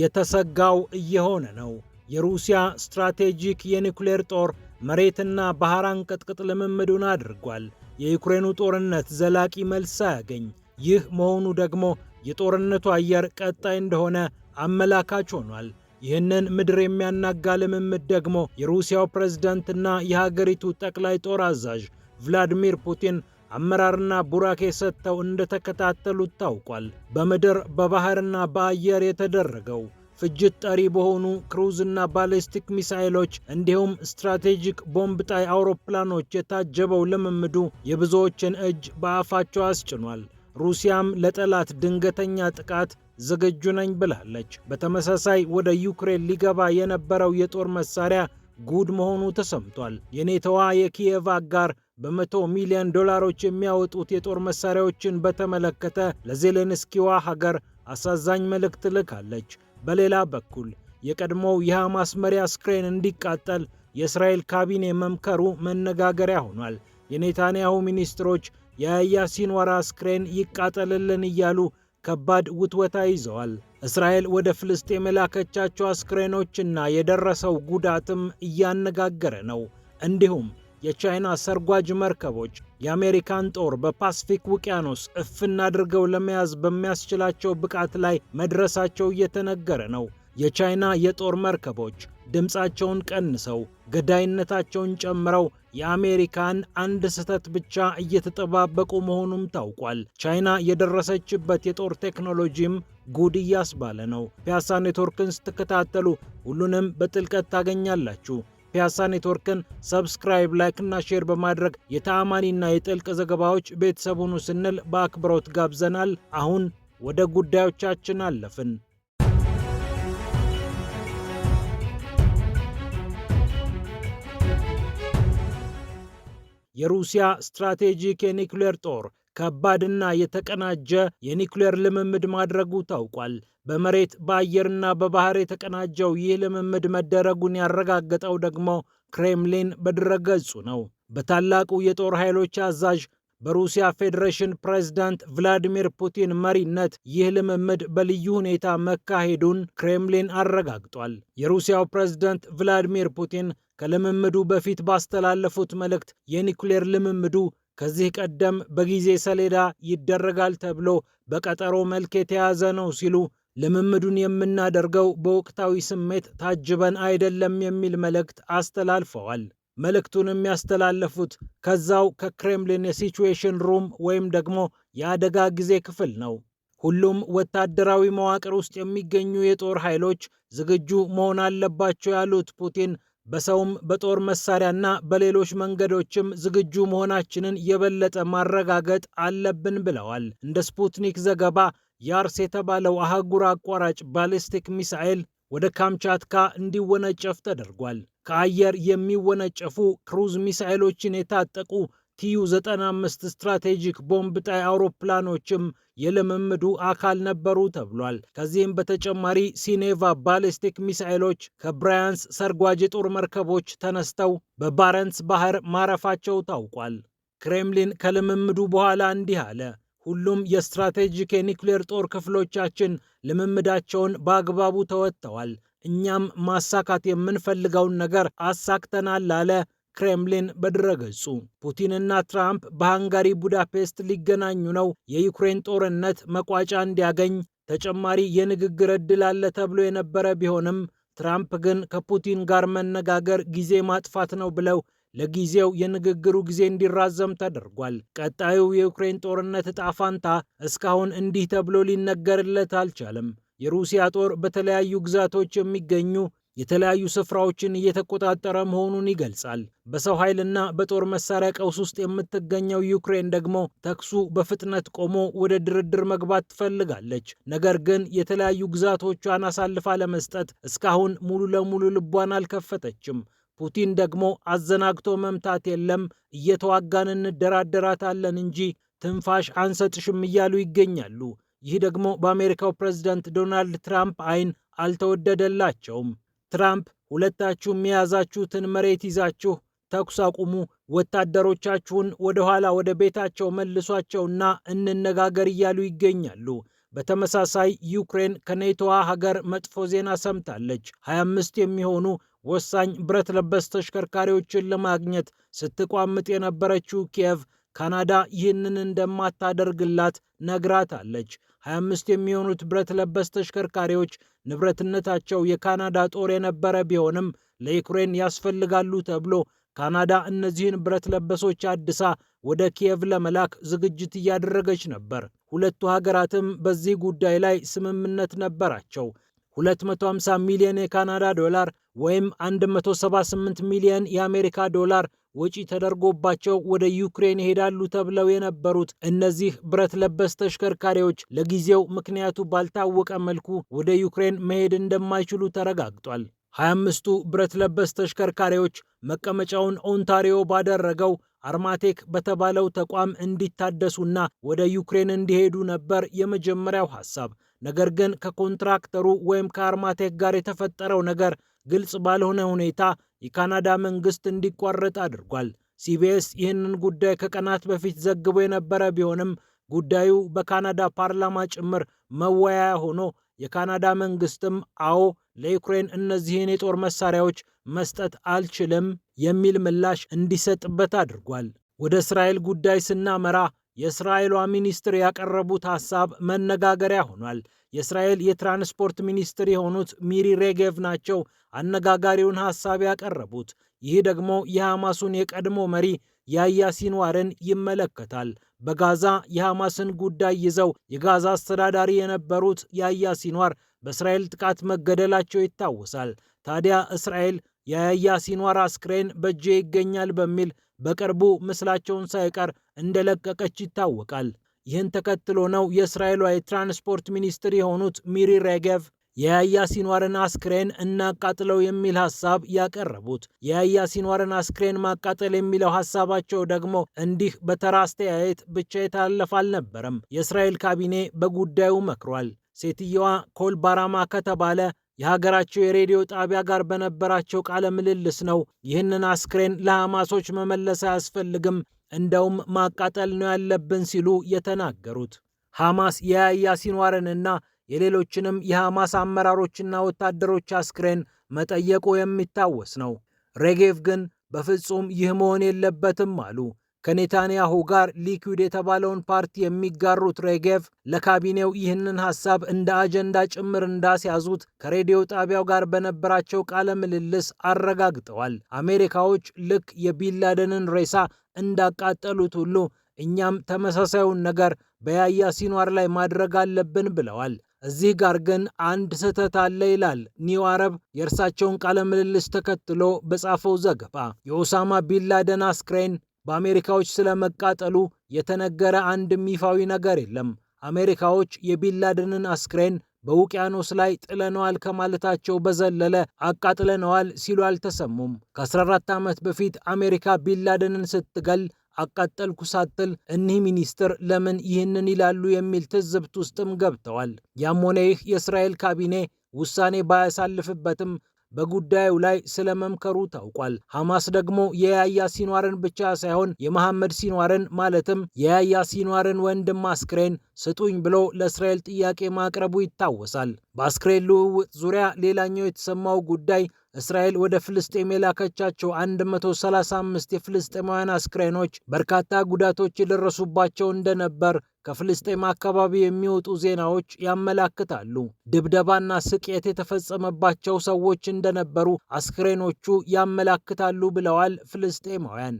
የተሰጋው እየሆነ ነው። የሩሲያ ስትራቴጂክ የኒውክሌር ጦር መሬትና ባህር አንቀጥቅጥ ልምምዱን አድርጓል። የዩክሬኑ ጦርነት ዘላቂ መልስ አያገኝ። ይህ መሆኑ ደግሞ የጦርነቱ አየር ቀጣይ እንደሆነ አመላካች ሆኗል። ይህንን ምድር የሚያናጋ ልምምድ ደግሞ የሩሲያው ፕሬዝዳንትና የሀገሪቱ ጠቅላይ ጦር አዛዥ ቭላዲሚር ፑቲን አመራርና ቡራኬ ሰጥተው እንደተከታተሉት ታውቋል። በምድር በባህርና በአየር የተደረገው ፍጅት ጠሪ በሆኑ ክሩዝና ባሊስቲክ ሚሳይሎች እንዲሁም ስትራቴጂክ ቦምብ ጣይ አውሮፕላኖች የታጀበው ልምምዱ የብዙዎችን እጅ በአፋቸው አስጭኗል። ሩሲያም ለጠላት ድንገተኛ ጥቃት ዝግጁ ነኝ ብላለች። በተመሳሳይ ወደ ዩክሬን ሊገባ የነበረው የጦር መሳሪያ ጉድ መሆኑ ተሰምቷል። የኔቶዋ የኪየቭ አጋር በመቶ ሚሊዮን ዶላሮች የሚያወጡት የጦር መሳሪያዎችን በተመለከተ ለዜሌንስኪዋ ሀገር አሳዛኝ መልእክት ልካለች። በሌላ በኩል የቀድሞው የሐማስ መሪ አስክሬን እንዲቃጠል የእስራኤል ካቢኔ መምከሩ መነጋገሪያ ሆኗል። የኔታንያሁ ሚኒስትሮች የያህያ ሲንዋር አስክሬን ይቃጠልልን እያሉ ከባድ ውትወታ ይዘዋል። እስራኤል ወደ ፍልስጤም የላከቻቸው አስክሬኖችና የደረሰው ጉዳትም እያነጋገረ ነው። እንዲሁም የቻይና ሰርጓጅ መርከቦች የአሜሪካን ጦር በፓስፊክ ውቅያኖስ እፍን አድርገው ለመያዝ በሚያስችላቸው ብቃት ላይ መድረሳቸው እየተነገረ ነው። የቻይና የጦር መርከቦች ድምፃቸውን ቀንሰው ገዳይነታቸውን ጨምረው የአሜሪካን አንድ ስህተት ብቻ እየተጠባበቁ መሆኑም ታውቋል። ቻይና የደረሰችበት የጦር ቴክኖሎጂም ጉድ እያስባለ ነው። ፒያሳ ኔትወርክን ስትከታተሉ ሁሉንም በጥልቀት ታገኛላችሁ። ፒያሳ ኔትወርክን ሰብስክራይብ፣ ላይክና ሼር በማድረግ የተአማኒና የጥልቅ ዘገባዎች ቤተሰቡኑ ስንል በአክብሮት ጋብዘናል። አሁን ወደ ጉዳዮቻችን አለፍን። የሩሲያ ስትራቴጂክ የኒውክሌር ጦር ከባድና የተቀናጀ የኒውክሌር ልምምድ ማድረጉ ታውቋል። በመሬት በአየርና በባህር የተቀናጀው ይህ ልምምድ መደረጉን ያረጋገጠው ደግሞ ክሬምሊን በድረገጹ ነው። በታላቁ የጦር ኃይሎች አዛዥ በሩሲያ ፌዴሬሽን ፕሬዝዳንት ቭላዲሚር ፑቲን መሪነት ይህ ልምምድ በልዩ ሁኔታ መካሄዱን ክሬምሊን አረጋግጧል። የሩሲያው ፕሬዝዳንት ቭላዲሚር ፑቲን ከልምምዱ በፊት ባስተላለፉት መልእክት የኒውክሌር ልምምዱ ከዚህ ቀደም በጊዜ ሰሌዳ ይደረጋል ተብሎ በቀጠሮ መልክ የተያዘ ነው ሲሉ ልምምዱን የምናደርገው በወቅታዊ ስሜት ታጅበን አይደለም የሚል መልእክት አስተላልፈዋል። መልእክቱን የሚያስተላለፉት ከዛው ከክሬምሊን የሲቹዌሽን ሩም ወይም ደግሞ የአደጋ ጊዜ ክፍል ነው። ሁሉም ወታደራዊ መዋቅር ውስጥ የሚገኙ የጦር ኃይሎች ዝግጁ መሆን አለባቸው ያሉት ፑቲን በሰውም በጦር መሳሪያና በሌሎች መንገዶችም ዝግጁ መሆናችንን የበለጠ ማረጋገጥ አለብን ብለዋል። እንደ ስፑትኒክ ዘገባ ያርስ የተባለው አህጉር አቋራጭ ባሊስቲክ ሚሳኤል ወደ ካምቻትካ እንዲወነጨፍ ተደርጓል። ከአየር የሚወነጨፉ ክሩዝ ሚሳኤሎችን የታጠቁ ቲዩ 95 ስትራቴጂክ ቦምብ ጣይ አውሮፕላኖችም የልምምዱ አካል ነበሩ ተብሏል። ከዚህም በተጨማሪ ሲኔቫ ባሊስቲክ ሚሳኤሎች ከብራያንስ ሰርጓጅ የጦር መርከቦች ተነስተው በባረንስ ባህር ማረፋቸው ታውቋል። ክሬምሊን ከልምምዱ በኋላ እንዲህ አለ። ሁሉም የስትራቴጂክ የኒውክሌር ጦር ክፍሎቻችን ልምምዳቸውን በአግባቡ ተወጥተዋል። እኛም ማሳካት የምንፈልገውን ነገር አሳክተናል አለ ክሬምሊን በድረገጹ ፑቲንና ትራምፕ በሃንጋሪ ቡዳፔስት ሊገናኙ ነው። የዩክሬን ጦርነት መቋጫ እንዲያገኝ ተጨማሪ የንግግር ዕድል አለ ተብሎ የነበረ ቢሆንም ትራምፕ ግን ከፑቲን ጋር መነጋገር ጊዜ ማጥፋት ነው ብለው ለጊዜው የንግግሩ ጊዜ እንዲራዘም ተደርጓል። ቀጣዩ የዩክሬን ጦርነት ዕጣ ፋንታ እስካሁን እንዲህ ተብሎ ሊነገርለት አልቻለም። የሩሲያ ጦር በተለያዩ ግዛቶች የሚገኙ የተለያዩ ስፍራዎችን እየተቆጣጠረ መሆኑን ይገልጻል። በሰው ኃይልና በጦር መሳሪያ ቀውስ ውስጥ የምትገኘው ዩክሬን ደግሞ ተኩሱ በፍጥነት ቆሞ ወደ ድርድር መግባት ትፈልጋለች። ነገር ግን የተለያዩ ግዛቶቿን አሳልፋ ለመስጠት እስካሁን ሙሉ ለሙሉ ልቧን አልከፈተችም። ፑቲን ደግሞ አዘናግቶ መምታት የለም እየተዋጋን እንደራደራታለን እንጂ ትንፋሽ አንሰጥሽም እያሉ ይገኛሉ። ይህ ደግሞ በአሜሪካው ፕሬዝዳንት ዶናልድ ትራምፕ አይን አልተወደደላቸውም። ትራምፕ ሁለታችሁ የያዛችሁትን መሬት ይዛችሁ ተኩስ አቁሙ፣ ወታደሮቻችሁን ወደኋላ ወደ ቤታቸው መልሷቸውና እንነጋገር እያሉ ይገኛሉ። በተመሳሳይ ዩክሬን ከኔቶዋ ሀገር መጥፎ ዜና ሰምታለች። 25 የሚሆኑ ወሳኝ ብረት ለበስ ተሽከርካሪዎችን ለማግኘት ስትቋምጥ የነበረችው ኪየቭ ካናዳ ይህንን እንደማታደርግላት ነግራታለች። 25 የሚሆኑት ብረት ለበስ ተሽከርካሪዎች ንብረትነታቸው የካናዳ ጦር የነበረ ቢሆንም ለዩክሬን ያስፈልጋሉ ተብሎ ካናዳ እነዚህን ብረት ለበሶች አድሳ ወደ ኪየቭ ለመላክ ዝግጅት እያደረገች ነበር። ሁለቱ ሀገራትም በዚህ ጉዳይ ላይ ስምምነት ነበራቸው። 250 ሚሊዮን የካናዳ ዶላር ወይም 178 ሚሊዮን የአሜሪካ ዶላር ወጪ ተደርጎባቸው ወደ ዩክሬን ይሄዳሉ ተብለው የነበሩት እነዚህ ብረት ለበስ ተሽከርካሪዎች ለጊዜው ምክንያቱ ባልታወቀ መልኩ ወደ ዩክሬን መሄድ እንደማይችሉ ተረጋግጧል። አምስቱ ብረት ለበስ ተሽከርካሪዎች መቀመጫውን ኦንታሪዮ ባደረገው አርማቴክ በተባለው ተቋም እንዲታደሱና ወደ ዩክሬን እንዲሄዱ ነበር የመጀመሪያው ሐሳብ። ነገር ግን ከኮንትራክተሩ ወይም ከአርማቴክ ጋር የተፈጠረው ነገር ግልጽ ባልሆነ ሁኔታ የካናዳ መንግስት እንዲቋረጥ አድርጓል። ሲቢኤስ ይህንን ጉዳይ ከቀናት በፊት ዘግቦ የነበረ ቢሆንም ጉዳዩ በካናዳ ፓርላማ ጭምር መወያያ ሆኖ የካናዳ መንግስትም አዎ ለዩክሬን እነዚህን የጦር መሳሪያዎች መስጠት አልችልም የሚል ምላሽ እንዲሰጥበት አድርጓል። ወደ እስራኤል ጉዳይ ስናመራ የእስራኤሏ ሚኒስትር ያቀረቡት ሐሳብ መነጋገሪያ ሆኗል። የእስራኤል የትራንስፖርት ሚኒስትር የሆኑት ሚሪ ሬጌቭ ናቸው አነጋጋሪውን ሐሳብ ያቀረቡት። ይህ ደግሞ የሐማሱን የቀድሞ መሪ ያህያ ሲንዋርን ይመለከታል። በጋዛ የሐማስን ጉዳይ ይዘው የጋዛ አስተዳዳሪ የነበሩት ያህያ ሲንዋር በእስራኤል ጥቃት መገደላቸው ይታወሳል። ታዲያ እስራኤል የያያ ሲኗር አስክሬን በእጄ ይገኛል በሚል በቅርቡ ምስላቸውን ሳይቀር እንደለቀቀች ይታወቃል። ይህን ተከትሎ ነው የእስራኤሏ የትራንስፖርት ሚኒስትር የሆኑት ሚሪ ሬጌቭ የያያ ሲንዋርን አስክሬን እናቃጥለው የሚል ሀሳብ ያቀረቡት። የያያ ሲንዋርን አስክሬን ማቃጠል የሚለው ሀሳባቸው ደግሞ እንዲህ በተራ አስተያየት ብቻ የታለፈ አልነበረም። የእስራኤል ካቢኔ በጉዳዩ መክሯል። ሴትየዋ ኮልባራማ ከተባለ የሀገራቸው የሬዲዮ ጣቢያ ጋር በነበራቸው ቃለ ምልልስ ነው ይህንን አስክሬን ለሐማሶች መመለስ አያስፈልግም፣ እንደውም ማቃጠል ነው ያለብን ሲሉ የተናገሩት። ሐማስ የያያ ሲንዋርንና የሌሎችንም የሐማስ አመራሮችና ወታደሮች አስክሬን መጠየቁ የሚታወስ ነው። ሬጌቭ ግን በፍጹም ይህ መሆን የለበትም አሉ። ከኔታንያሁ ጋር ሊኩድ የተባለውን ፓርቲ የሚጋሩት ሬጌቭ ለካቢኔው ይህንን ሀሳብ እንደ አጀንዳ ጭምር እንዳስያዙት ከሬዲዮ ጣቢያው ጋር በነበራቸው ቃለ ምልልስ አረጋግጠዋል። አሜሪካዎች ልክ የቢንላደንን ሬሳ እንዳቃጠሉት ሁሉ እኛም ተመሳሳዩን ነገር በያያ ሲኗር ላይ ማድረግ አለብን ብለዋል። እዚህ ጋር ግን አንድ ስህተት አለ ይላል ኒው አረብ የእርሳቸውን ቃለ ምልልስ ተከትሎ በጻፈው ዘገባ። የኦሳማ ቢንላደን አስክሬን በአሜሪካዎች ስለመቃጠሉ የተነገረ አንድም ይፋዊ ነገር የለም። አሜሪካዎች የቢንላደንን አስክሬን በውቅያኖስ ላይ ጥለነዋል ከማለታቸው በዘለለ አቃጥለነዋል ሲሉ አልተሰሙም። ከ14 ዓመት በፊት አሜሪካ ቢንላደንን ስትገል አቃጠልኩ ሳትል እኒህ ሚኒስትር ለምን ይህንን ይላሉ የሚል ትዝብት ውስጥም ገብተዋል። ያም ሆነ ይህ የእስራኤል ካቢኔ ውሳኔ ባያሳልፍበትም በጉዳዩ ላይ ስለመምከሩ ታውቋል። ሐማስ ደግሞ የያያ ሲኗርን ብቻ ሳይሆን የመሐመድ ሲኗርን ማለትም የያያ ሲኗርን ወንድም አስክሬን ስጡኝ ብሎ ለእስራኤል ጥያቄ ማቅረቡ ይታወሳል። በአስክሬን ልውውጥ ዙሪያ ሌላኛው የተሰማው ጉዳይ እስራኤል ወደ ፍልስጤም የላከቻቸው 135 የፍልስጤማውያን አስክሬኖች በርካታ ጉዳቶች የደረሱባቸው እንደነበር ከፍልስጤም አካባቢ የሚወጡ ዜናዎች ያመላክታሉ። ድብደባና ስቅየት የተፈጸመባቸው ሰዎች እንደነበሩ አስክሬኖቹ ያመላክታሉ ብለዋል ፍልስጤማውያን።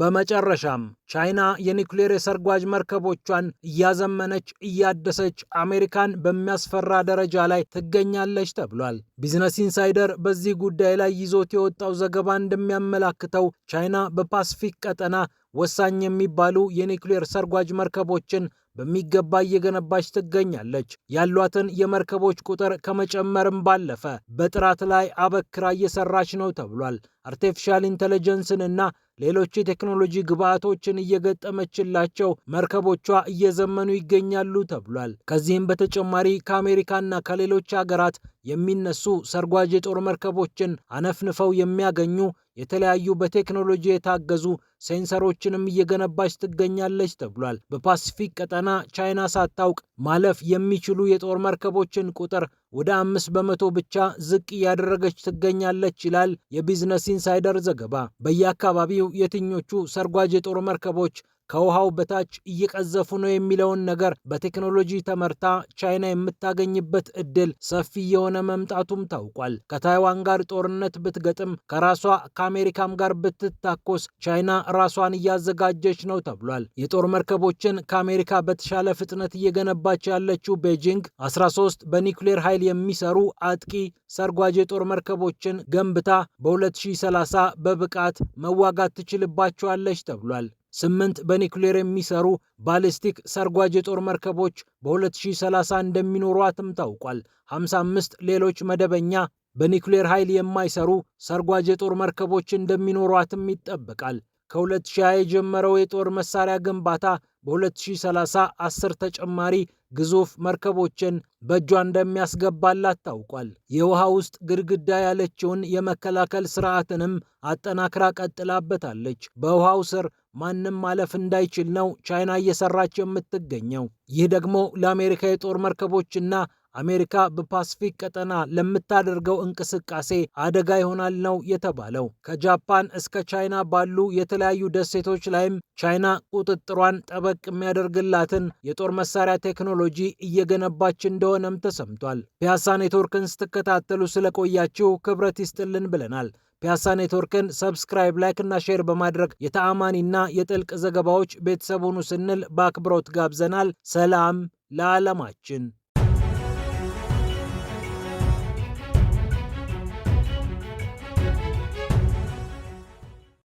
በመጨረሻም ቻይና የኒውክሌር የሰርጓጅ መርከቦቿን እያዘመነች እያደሰች አሜሪካን በሚያስፈራ ደረጃ ላይ ትገኛለች ተብሏል። ቢዝነስ ኢንሳይደር በዚህ ጉዳይ ላይ ይዞት የወጣው ዘገባ እንደሚያመላክተው ቻይና በፓስፊክ ቀጠና ወሳኝ የሚባሉ የኒውክሌር ሰርጓጅ መርከቦችን በሚገባ እየገነባች ትገኛለች። ያሏትን የመርከቦች ቁጥር ከመጨመርም ባለፈ በጥራት ላይ አበክራ እየሰራች ነው ተብሏል። አርቴፊሻል ኢንቴሊጀንስን እና ሌሎች የቴክኖሎጂ ግብዓቶችን እየገጠመችላቸው መርከቦቿ እየዘመኑ ይገኛሉ ተብሏል። ከዚህም በተጨማሪ ከአሜሪካና ከሌሎች ሀገራት የሚነሱ ሰርጓጅ የጦር መርከቦችን አነፍንፈው የሚያገኙ የተለያዩ በቴክኖሎጂ የታገዙ ሴንሰሮችንም እየገነባች ትገኛለች ተብሏል። በፓሲፊክ ቀጠና ቻይና ሳታውቅ ማለፍ የሚችሉ የጦር መርከቦችን ቁጥር ወደ አምስት በመቶ ብቻ ዝቅ እያደረገች ትገኛለች ይላል የቢዝነስ ኢንሳይደር ዘገባ። በየአካባቢው የትኞቹ ሰርጓጅ የጦር መርከቦች ከውሃው በታች እየቀዘፉ ነው የሚለውን ነገር በቴክኖሎጂ ተመርታ ቻይና የምታገኝበት እድል ሰፊ የሆነ መምጣቱም ታውቋል። ከታይዋን ጋር ጦርነት ብትገጥም ከራሷ ከአሜሪካም ጋር ብትታኮስ ቻይና ራሷን እያዘጋጀች ነው ተብሏል። የጦር መርከቦችን ከአሜሪካ በተሻለ ፍጥነት እየገነባች ያለችው ቤጂንግ 13 በኒውክሌር ኃይል የሚሰሩ አጥቂ ሰርጓጅ የጦር መርከቦችን ገንብታ በ2030 በብቃት መዋጋት ትችልባቸዋለች ተብሏል። ስምንት በኒውክሌር የሚሰሩ ባሊስቲክ ሰርጓጅ የጦር መርከቦች በ2030 እንደሚኖሯትም ታውቋል። 55 ሌሎች መደበኛ በኒውክሌር ኃይል የማይሰሩ ሰርጓጅ የጦር መርከቦች እንደሚኖሯትም ይጠበቃል። ከ2020 የጀመረው የጦር መሳሪያ ግንባታ በ2030 10 ተጨማሪ ግዙፍ መርከቦችን በእጇ እንደሚያስገባላት ታውቋል። የውሃ ውስጥ ግድግዳ ያለችውን የመከላከል ስርዓትንም አጠናክራ ቀጥላበታለች። በውሃው ስር ማንም ማለፍ እንዳይችል ነው ቻይና እየሰራች የምትገኘው። ይህ ደግሞ ለአሜሪካ የጦር መርከቦችና አሜሪካ በፓስፊክ ቀጠና ለምታደርገው እንቅስቃሴ አደጋ ይሆናል ነው የተባለው። ከጃፓን እስከ ቻይና ባሉ የተለያዩ ደሴቶች ላይም ቻይና ቁጥጥሯን ጠበቅ የሚያደርግላትን የጦር መሳሪያ ቴክኖሎጂ እየገነባች እንደሆነም ተሰምቷል። ፒያሳ ኔትወርክን ስትከታተሉ ስለቆያችሁ ክብረት ይስጥልን ብለናል። ፒያሳ ኔትወርክን ሰብስክራይብ፣ ላይክ እና ሼር በማድረግ የተአማኒና የጥልቅ ዘገባዎች ቤተሰቡን ስንል በአክብሮት ጋብዘናል። ሰላም ለዓለማችን።